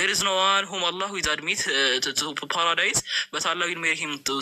ዜር ኢዝ ኖ ዋን ሁም አላሁ ኢዝ አድሚት ፓራዳይዝ በታላዊ ዕድሜ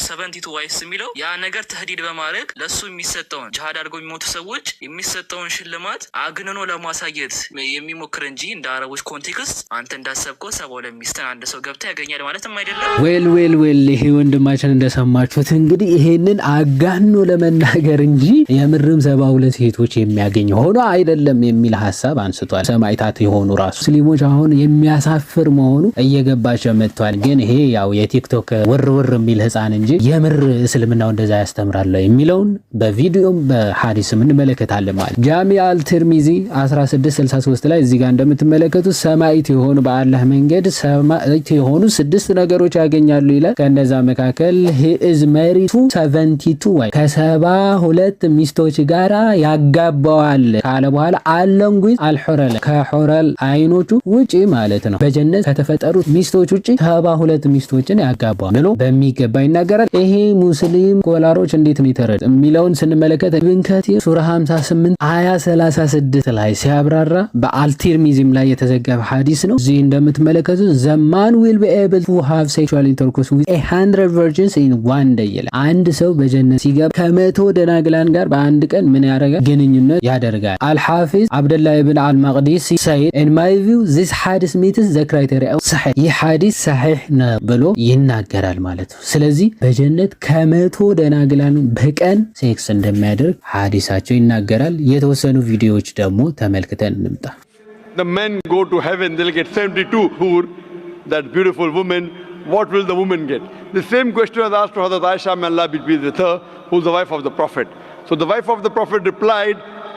ሰቨንቲ ቱ ዋይፍስ የሚለው ያ ነገር ተህዲድ በማድረግ ለሱ የሚሰጠውን ጅሃድ አድርገው የሚሞቱ ሰዎች የሚሰጠውን ሽልማት አግንኖ ለማሳየት የሚሞክር እንጂ እንደ አረቦች ኮንቴክስት አንተ እንዳሰብከው ሰባ ለሚስትን አንድ ሰው ገብታ ያገኛል ማለትም አይደለም። ዌል ዌል ዌል ይሄ ወንድማችን እንደሰማችሁት እንግዲህ ይሄንን አጋኖ ለመናገር እንጂ የምርም ሰባ ሁለት ሴቶች የሚያገኝ ሆኖ አይደለም የሚል ሀሳብ አንስቷል። ሰማይታት የሆኑ ራሱ ሙስሊሞች አሁን የሚያሳፍር የምር መሆኑ እየገባቸው መጥቷል። ግን ይሄ ያው የቲክቶክ ውር ውር የሚል ህፃን እንጂ የምር እስልምናው እንደዛ ያስተምራል የሚለውን በቪዲዮም በሀዲስም እንመለከታለን። ማለት ጃሚ አልትርሚዚ 1663 ላይ እዚጋ እንደምትመለከቱት ሰማይት የሆኑ በአላህ መንገድ ሰማይት የሆኑ ስድስት ነገሮች ያገኛሉ ይላል። ከእነዛ መካከል ሂእዝ መሪቱ ሰቨንቲቱ ወይ ከሰባ ሁለት ሚስቶች ጋራ ያጋባዋል ካለ በኋላ አለንጉዝ አልሖረለ ከሖረል አይኖቹ ውጪ ማለት ነው በጀነት ማለት ከተፈጠሩት ሚስቶች ውጭ ሰባ ሁለት ሚስቶችን ያጋባ ብሎ በሚገባ ይናገራል። ይሄ ሙስሊም ኮላሮች እንዴት ነው የተረዱ የሚለውን ስንመለከት ኢብን ከቲር ሱራ 58 አያ 36 ላይ ሲያብራራ በአልቲርሚዝም ላይ የተዘገበ ሐዲስ ነው። እዚህ እንደምትመለከቱት ዘማን ዊል ቢ ኤብል ቱ ሃቭ ሴክሹዋል ኢንተርኮርስ ዊዝ ኤ ሃንድረድ ቨርጅንስ ኢን ዋን ደይ ይላል። አንድ ሰው በጀነት ሲገባ ከመቶ ደናግላን ጋር በአንድ ቀን ምን ያደርጋል? ግንኙነት ያደርጋል። አልሓፊዝ አብደላህ ብን አልማቅዲስ ሰይድ ኢን ማይ ቪው ዚስ ሐዲስ ሚትስ ዘክረ ክራይቴሪያው ሰሒሕ ይህ ሐዲስ ሰሒሕ ነው ብሎ ይናገራል ማለት ነው። ስለዚህ በጀነት ከመቶ ደናግላን በቀን ሴክስ እንደሚያደርግ ሐዲሳቸው ይናገራል። የተወሰኑ ቪዲዮዎች ደግሞ ተመልክተን እንምጣ።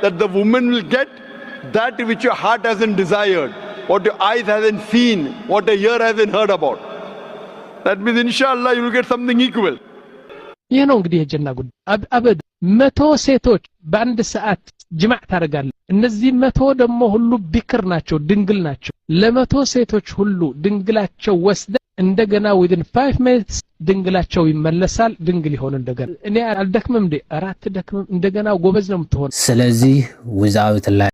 that the woman will get that which your heart hasn't desired. what your eyes haven't seen, what your ear hasn't heard about. That means inshallah you will get something equal. ይህ ነው እንግዲህ የጀና ጉዳይ አበድ መቶ ሴቶች በአንድ ሰዓት ጅማዕ ታደርጋለ እነዚህ መቶ ደግሞ ሁሉ ቢክር ናቸው ድንግል ናቸው ለመቶ ሴቶች ሁሉ ድንግላቸው ወስደ እንደገና ዊድን ፋይቭ ሚኒትስ ድንግላቸው ይመለሳል ድንግል ይሆን እንደገና እኔ አልደክምም እንዴ አራት ደክምም እንደገና ጎበዝ ነው የምትሆን ስለዚህ ውዛውት ላይ